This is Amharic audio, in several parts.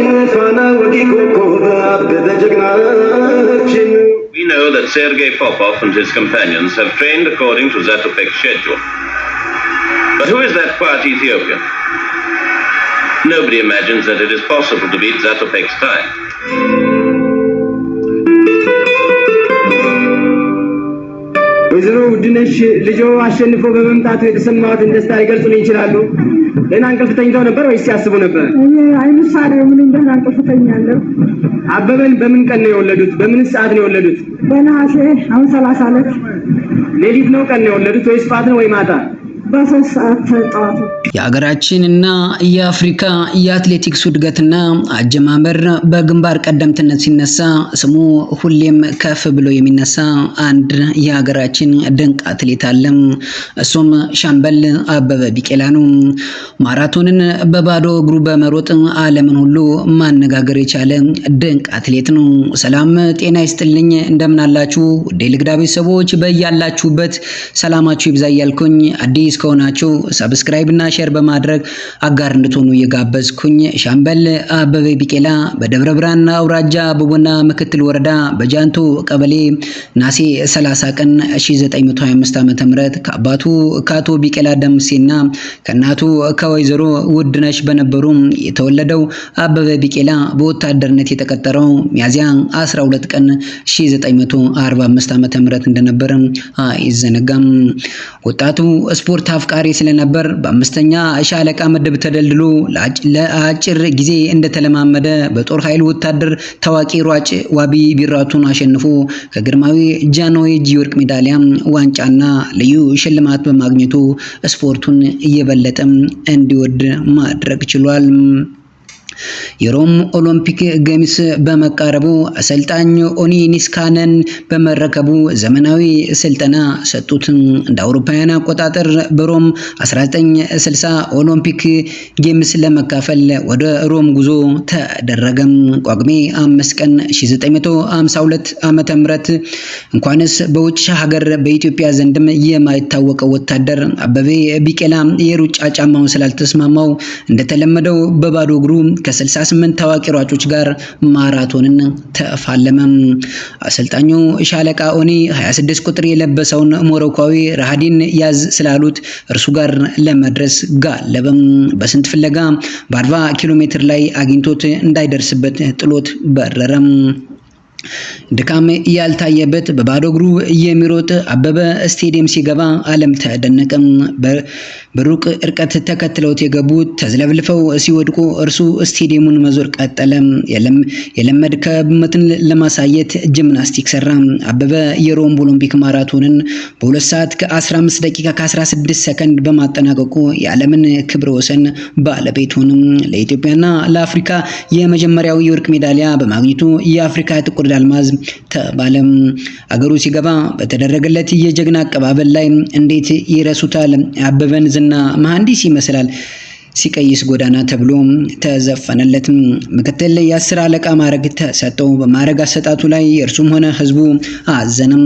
We know that Sergei Popov and his companions have trained according to Zatopek's schedule. But who is that quiet Ethiopian? Nobody imagines that it is possible to beat Zatopek's time. ወይዘሮ ውድነሽ ልጆ አሸንፎ በመምጣቱ ደስታ ሊገልጹልኝ ይችላሉ? ደህና እንቅልፍ ተኝተው ነበር ወይስ ያስቡ ነበር? እኔ አይምሳሪው ምን እንደሆነ እንቅልፍ ተኛለሁ። አበበን በምን ቀን ነው የወለዱት? በምን ሰዓት ነው የወለዱት? በነሐሴ አሁን ሰላሳ ዕለት ሌሊት ነው ቀን ነው የወለዱት ወይስ ጧት ነው ወይ ማታ? የሀገራችንና የአፍሪካ የአትሌቲክስ ውድገትና አጀማመር በግንባር ቀደምትነት ሲነሳ ስሙ ሁሌም ከፍ ብሎ የሚነሳ አንድ የሀገራችን ድንቅ አትሌት አለም። እሱም ሻምበል አበበ ቢቄላ ነው። ማራቶንን በባዶ እግሩ በመሮጥ ዓለምን ሁሉ ማነጋገር የቻለ ድንቅ አትሌት ነው። ሰላም ጤና ይስጥልኝ፣ እንደምናላችሁ ውድ ልግዳ ቤተሰቦች፣ በያላችሁበት ሰላማችሁ ይብዛ እያልኩኝ አዲስ አዲስ ከሆናችሁ ሰብስክራይብ እና ሼር በማድረግ አጋር እንድትሆኑ እየጋበዝኩኝ ሻምበል አበበ ቢቄላ በደብረ ብርሃን አውራጃ በቦና ምክትል ወረዳ በጃንቱ ቀበሌ ናሴ 30 ቀን 1925 ዓ.ም ከአባቱ ከአቶ ቢቄላ ደምሴና ከእናቱ ከወይዘሮ ውድነሽ በነበሩ የተወለደው አበበ ቢቄላ በወታደርነት የተቀጠረው ሚያዚያ 12 ቀን 1945 ዓ.ም እንደነበር አይዘነጋም። ወጣቱ ስፖርት የወቅት አፍቃሪ ስለነበር በአምስተኛ ሻለቃ መደብ ተደልድሎ ለአጭር ጊዜ እንደተለማመደ በጦር ኃይል ወታደር ታዋቂ ሯጭ ዋቢ ቢራቱን አሸንፎ ከግርማዊ ጃንሆይ የወርቅ ሜዳሊያም ዋንጫና ልዩ ሽልማት በማግኘቱ ስፖርቱን እየበለጠም እንዲወድ ማድረግ ችሏል። የሮም ኦሎምፒክ ገምስ በመቃረቡ አሰልጣኝ ኦኒ ኒስካነን በመረከቡ ዘመናዊ ስልጠና ሰጡት። እንደ አውሮፓውያን አቆጣጠር በሮም 1960 ኦሎምፒክ ጌምስ ለመካፈል ወደ ሮም ጉዞ ተደረገም። ጳጉሜ 5 ቀን 1952 ዓመተ እንኳንስ በውጭ ሀገር በኢትዮጵያ ዘንድም የማይታወቀው ወታደር አበበ ቢቄላ የሩጫ ጫማውን ስላልተስማማው እንደተለመደው በባዶ እግሩ ከ68 ታዋቂ ሯጮች ጋር ማራቶንን ተፋለመ። አሰልጣኙ ሻለቃ ኦኒ 26 ቁጥር የለበሰውን ሞሮኳዊ ራሃዲን ያዝ ስላሉት እርሱ ጋር ለመድረስ ጋለበም። በስንት ፍለጋ በ40 ኪሎ ሜትር ላይ አግኝቶት እንዳይደርስበት ጥሎት በረረም። ድካም ያልታየበት በባዶ እግሩ የሚሮጥ አበበ ስቴዲየም ሲገባ ዓለም ተደነቀም። በሩቅ እርቀት ተከትለውት የገቡት ተዝለፍልፈው ሲወድቁ እርሱ ስቴዲየሙን መዞር ቀጠለ። የለመድ ከብመትን ለማሳየት ጂምናስቲክ ሰራ። አበበ የሮም ኦሎምፒክ ማራቶንን በ2 ሰዓት ከ15 ደቂቃ ከ16 ሰከንድ በማጠናቀቁ የዓለምን ክብረ ወሰን ባለቤት ሆንም። ለኢትዮጵያና ለአፍሪካ የመጀመሪያው የወርቅ ሜዳሊያ በማግኘቱ የአፍሪካ ጥቁር ገብረ አልማዝ ተባለም። አገሩ ሲገባ በተደረገለት የጀግና አቀባበል ላይ እንዴት ይረሱታል? አበበን ዝና መሐንዲስ ይመስላል። ሲቀይስ ጎዳና ተብሎ ተዘፈነለት። ምክትል የአስር አለቃ ማዕረግ ተሰጠው። በማዕረግ አሰጣቱ ላይ እርሱም ሆነ ህዝቡ አዘነም።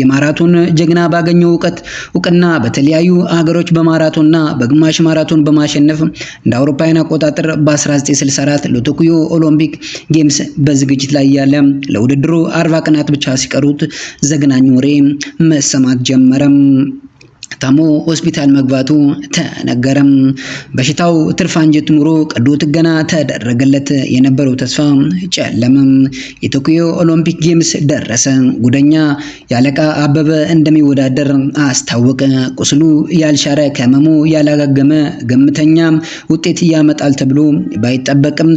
የማራቶን ጀግና ባገኘው እውቀት እውቅና በተለያዩ አገሮች በማራቶንና በግማሽ ማራቶን በማሸነፍ እንደ አውሮፓውያን አቆጣጠር በ1964 ለቶኪዮ ኦሎምፒክ ጌምስ በዝግጅት ላይ ያለ ለውድድሩ አርባ ቀናት ብቻ ሲቀሩት ዘግናኝ ወሬ መሰማት ጀመረም። ታሞ ሆስፒታል መግባቱ ተነገረም። በሽታው ትርፋን ጀት ኑሮ ቀዶ ጥገና ተደረገለት። የነበረው ተስፋ ጨለመም። የቶኪዮ ኦሎምፒክ ጌምስ ደረሰ። ጉደኛ ያለቃ አበበ እንደሚወዳደር አስታወቀ። ቁስሉ ያልሻረ ከመሙ ያላጋገመ ገምተኛ ውጤት ያመጣል ተብሎ ባይጠበቅም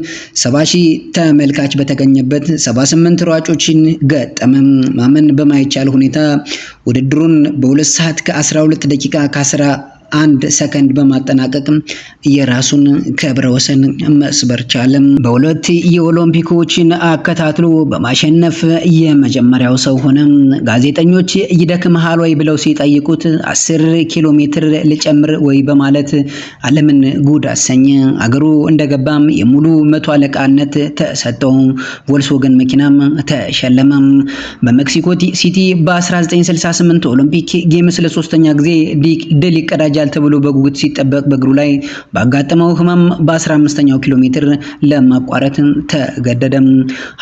70 ሺህ ተመልካች በተገኘበት 78 ሯጮችን ገጠመም። ማመን በማይቻል ሁኔታ ውድድሩን በሁለት ሰዓት ከ12 Ada cika, khasara. አንድ ሰከንድ በማጠናቀቅ የራሱን ክብረ ወሰን መስበር ቻለም። በሁለት የኦሎምፒኮችን አከታትሎ በማሸነፍ የመጀመሪያው ሰው ሆነ። ጋዜጠኞች ይደክምሃል ወይ ብለው ሲጠይቁት አስር ኪሎ ሜትር ልጨምር ወይ በማለት ዓለምን ጉድ አሰኘ። አገሩ እንደገባም የሙሉ መቶ አለቃነት ተሰጠው። ቮልስወገን መኪናም ተሸለመ። በሜክሲኮ ሲቲ በ1968 ኦሎምፒክ ጌምስ ለሶስተኛ ጊዜ ድል ይቀዳጅ ይዘጋጃል ተብሎ በጉጉት ሲጠበቅ በእግሩ ላይ ባጋጠመው ህመም በ15ኛው ኪሎ ሜትር ለማቋረጥ ተገደደም።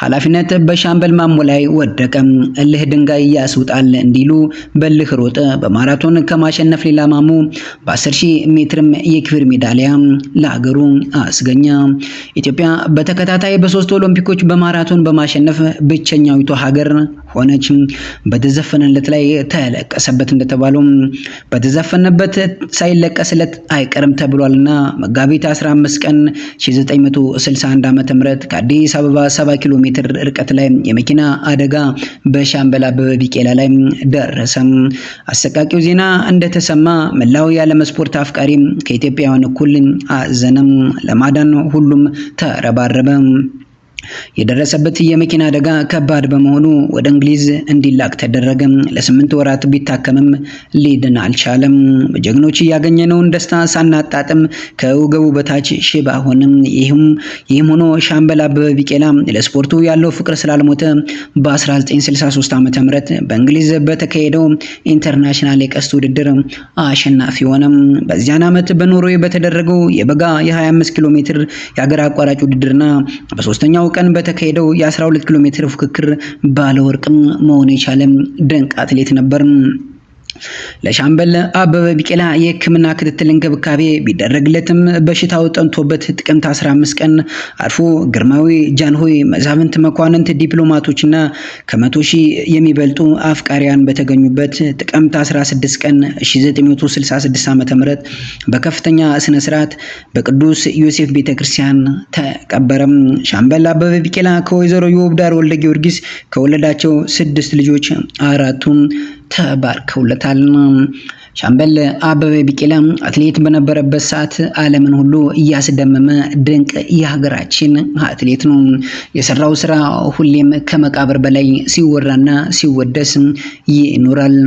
ኃላፊነት በሻምበል ማሞ ላይ ወደቀ። እልህ ድንጋይ ያስውጣል እንዲሉ በልህ ሮጠ። በማራቶን ከማሸነፍ ሌላ ማሞ በ10 ሜትርም የክብር ሜዳሊያ ለሀገሩ አስገኛ። ኢትዮጵያ በተከታታይ በሶስት ኦሎምፒኮች በማራቶን በማሸነፍ ብቸኛዊቷ ሀገር ሆነች። በተዘፈነለት ላይ ተለቀሰበት እንደተባለው በተዘፈነበት ሳይለቀስለት አይቀርም ተብሏልና መጋቢት 15 ቀን 1961 ዓ.ም ከአዲስ አበባ 70 ኪሎ ሜትር ርቀት ላይ የመኪና አደጋ በሻምበል አበበ ቢቄላ ላይ ደረሰም። አሰቃቂው ዜና እንደተሰማ መላው የዓለም ስፖርት አፍቃሪ ከኢትዮጵያውያን እኩል አዘነም። ለማዳን ሁሉም ተረባረበ። የደረሰበት የመኪና አደጋ ከባድ በመሆኑ ወደ እንግሊዝ እንዲላክ ተደረገ። ለስምንት ወራት ቢታከምም ሊድን አልቻለም። በጀግኖች እያገኘነውን ደስታ ሳናጣጥም ከወገቡ በታች ሽባ ሆንም። ይህም ሆኖ ሻምበል አበበ ቢቄላ ለስፖርቱ ያለው ፍቅር ስላልሞተ በ1963 ዓ.ም በእንግሊዝ በተካሄደው ኢንተርናሽናል የቀስት ውድድር አሸናፊ ሆነም። በዚያን ዓመት በኖርዌይ በተደረገው የበጋ የ25 ኪሎ ሜትር የሀገር አቋራጭ ውድድርና በሶስተኛው ቀን በተካሄደው የ12 ኪሎ ሜትር ፉክክር ባለወርቅም መሆን የቻለም ድንቅ አትሌት ነበር። ለሻምበል አበበ ቢቂላ የህክምና ክትትል እንክብካቤ ቢደረግለትም በሽታው ጠንቶበት ጥቅምት 15 ቀን አርፎ ግርማዊ ጃንሆይ፣ መዛፍንት፣ መኳንንት፣ ዲፕሎማቶችና ከመቶ ሺህ የሚበልጡ አፍቃሪያን በተገኙበት ጥቅምት 16 ቀን 1966 ዓ.ም በከፍተኛ ስነ ስርዓት በቅዱስ ዮሴፍ ቤተክርስቲያን ተቀበረም። ሻምበል አበበ ቢቂላ ከወይዘሮ የውብዳር ወልደ ጊዮርጊስ ከወለዳቸው ስድስት ልጆች አራቱን ተባርከውለታል። ሻምበል አበበ ቢቂላ አትሌት በነበረበት ሰዓት ዓለምን ሁሉ እያስደመመ ድንቅ የሀገራችን አትሌት ነው። የሰራው ስራ ሁሌም ከመቃብር በላይ ሲወራና ሲወደስ ይኖራል።